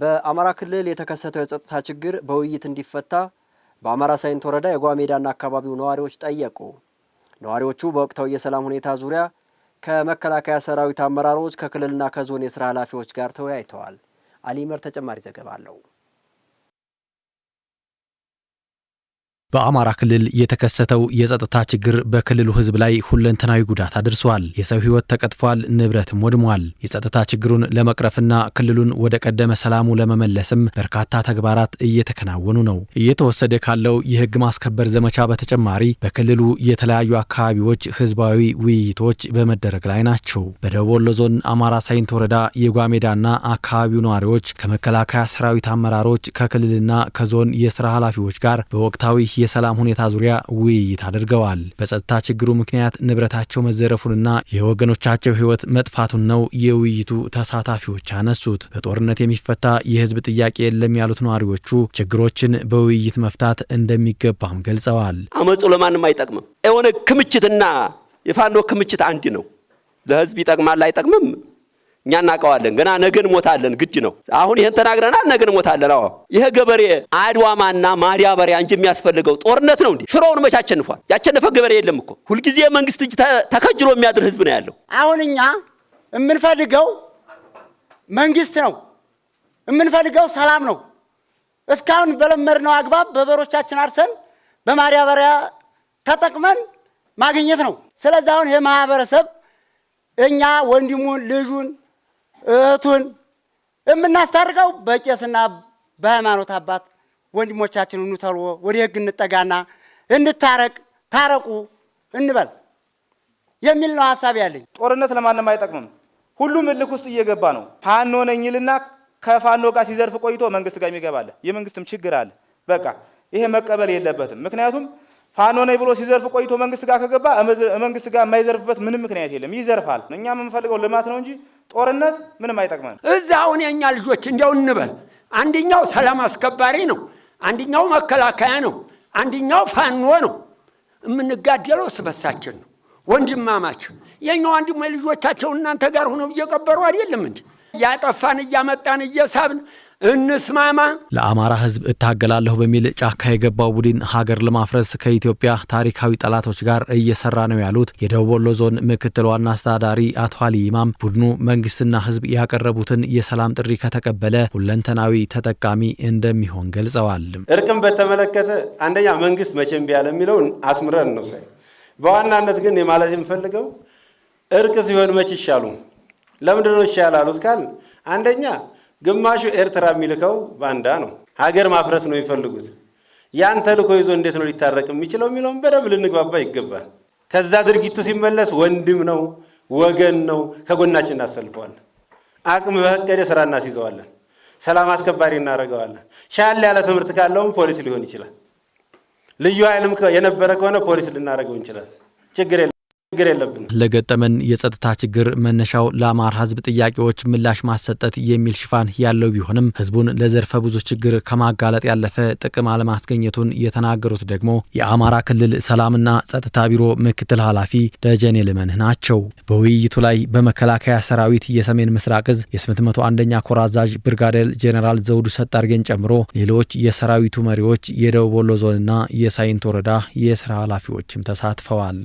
በአማራ ክልል የተከሰተው የጸጥታ ችግር በውይይት እንዲፈታ በአማራ ሳይንት ወረዳ ሜዳና አካባቢው ነዋሪዎች ጠየቁ። ነዋሪዎቹ በወቅታዊ የሰላም ሁኔታ ዙሪያ ከመከላከያ ሰራዊት አመራሮች፣ ከክልልና ከዞን የስራ ኃላፊዎች ጋር ተወያይተዋል። አሊመር ተጨማሪ ዘገባ አለው። በአማራ ክልል የተከሰተው የጸጥታ ችግር በክልሉ ሕዝብ ላይ ሁለንተናዊ ጉዳት አድርሷል። የሰው ሕይወት ተቀጥፏል፣ ንብረትም ወድሟል። የጸጥታ ችግሩን ለመቅረፍና ክልሉን ወደ ቀደመ ሰላሙ ለመመለስም በርካታ ተግባራት እየተከናወኑ ነው። እየተወሰደ ካለው የሕግ ማስከበር ዘመቻ በተጨማሪ በክልሉ የተለያዩ አካባቢዎች ሕዝባዊ ውይይቶች በመደረግ ላይ ናቸው። በደቡብ ወሎ ዞን አማራ ሳይንት ወረዳ የጓሜዳና አካባቢው ነዋሪዎች ከመከላከያ ሰራዊት አመራሮች፣ ከክልልና ከዞን የስራ ኃላፊዎች ጋር በወቅታዊ የሰላም ሁኔታ ዙሪያ ውይይት አድርገዋል። በጸጥታ ችግሩ ምክንያት ንብረታቸው መዘረፉንና የወገኖቻቸው ሕይወት መጥፋቱን ነው የውይይቱ ተሳታፊዎች አነሱት። በጦርነት የሚፈታ የህዝብ ጥያቄ የለም ያሉት ነዋሪዎቹ ችግሮችን በውይይት መፍታት እንደሚገባም ገልጸዋል። አመፁ ለማንም አይጠቅምም። የሆነ ክምችትና የፋኖ ክምችት አንድ ነው። ለህዝብ ይጠቅማል አይጠቅምም እኛ እናውቀዋለን። ገና ነገ እንሞታለን፣ ግድ ነው። አሁን ይህን ተናግረናል፣ ነገ እንሞታለን። አዎ ይሄ ገበሬ አድዋማና ማዳበሪያ እንጂ የሚያስፈልገው ጦርነት ነው እንዴ? ሽሮውን መቼ አሸንፏል? ያቸነፈ ገበሬ የለም እኮ። ሁልጊዜ መንግስት እጅ ተከጅሎ የሚያድር ህዝብ ነው ያለው። አሁን እኛ የምንፈልገው መንግስት ነው የምንፈልገው ሰላም ነው። እስካሁን በለመድነው አግባብ በበሮቻችን አርሰን በማዳበሪያ ተጠቅመን ማግኘት ነው። ስለዚህ አሁን ይህ ማህበረሰብ እኛ ወንድሙን ልጁን እህቱን የምናስታርቀው በቄስና በሃይማኖት አባት ወንድሞቻችን እንተልዎ ወደ ህግ እንጠጋና እንታረቅ ታረቁ እንበል የሚል ነው ሀሳብ ያለኝ። ጦርነት ለማንም አይጠቅምም። ሁሉም እልክ ውስጥ እየገባ ነው። ፋኖ ነኝ ከፋኖ ጋር ሲዘርፍ ቆይቶ መንግስት ጋር የሚገባለ የመንግስትም ችግር አለ። በቃ ይሄ መቀበል የለበትም። ምክንያቱም ፋኖ ነኝ ብሎ ሲዘርፍ ቆይቶ መንግስት ጋር ከገባ መንግስት ጋር የማይዘርፍበት ምንም ምክንያት የለም። ይዘርፋል። እኛ የምንፈልገው ልማት ነው እንጂ ጦርነት ምንም አይጠቅመን። እዛ አሁን የኛ ልጆች እንዲያው እንበል አንደኛው ሰላም አስከባሪ ነው፣ አንደኛው መከላከያ ነው፣ አንደኛው ፋኖ ነው። የምንጋደለው ስበሳችን ነው ወንድማማች የኛ ወንድም ልጆቻቸው እናንተ ጋር ሆነው እየቀበሩ አይደለም እንዴ? እያጠፋን እያመጣን እየሳብን እንስማማ። ለአማራ ህዝብ እታገላለሁ በሚል ጫካ የገባው ቡድን ሀገር ለማፍረስ ከኢትዮጵያ ታሪካዊ ጠላቶች ጋር እየሰራ ነው ያሉት የደቡብ ወሎ ዞን ምክትል ዋና አስተዳዳሪ አቶ አሊ ይማም፣ ቡድኑ መንግስትና ህዝብ ያቀረቡትን የሰላም ጥሪ ከተቀበለ ሁለንተናዊ ተጠቃሚ እንደሚሆን ገልጸዋል። እርቅም በተመለከተ አንደኛ መንግስት መቼም ቢያለ የሚለውን አስምረን ነው ሳይ በዋናነት ግን ማለት የምፈልገው እርቅ ሲሆን መች ይሻሉ ለምንድነው ይሻላሉት ካል አንደኛ ግማሹ ኤርትራ የሚልከው ባንዳ ነው። ሀገር ማፍረስ ነው የሚፈልጉት። ያን ልኮ ይዞ እንዴት ነው ሊታረቅ የሚችለው የሚለውን በደንብ ልንግባባ ይገባል። ከዛ ድርጊቱ ሲመለስ ወንድም ነው፣ ወገን ነው፣ ከጎናችን እናሰልፈዋለን። አቅም በፈቀደ ስራ እናስይዘዋለን። ሰላም አስከባሪ እናደርገዋለን። ሻል ያለ ትምህርት ካለውም ፖሊስ ሊሆን ይችላል። ልዩ ኃይልም የነበረ ከሆነ ፖሊስ ልናደርገው እንችላል። ችግር የለም። ችግር የለብን። ለገጠመን የጸጥታ ችግር መነሻው ለአማራ ህዝብ ጥያቄዎች ምላሽ ማሰጠት የሚል ሽፋን ያለው ቢሆንም ህዝቡን ለዘርፈ ብዙ ችግር ከማጋለጥ ያለፈ ጥቅም አለማስገኘቱን የተናገሩት ደግሞ የአማራ ክልል ሰላምና ጸጥታ ቢሮ ምክትል ኃላፊ ደጀኔ ልመንህ ናቸው። በውይይቱ ላይ በመከላከያ ሰራዊት የሰሜን ምስራቅ እዝ የ801ኛ ኮር አዛዥ ብርጋዴር ጄኔራል ዘውዱ ሰጣርጌን ጨምሮ ሌሎች የሰራዊቱ መሪዎች፣ የደቡብ ወሎ ዞንና የሳይንት ወረዳ የስራ ኃላፊዎችም ተሳትፈዋል።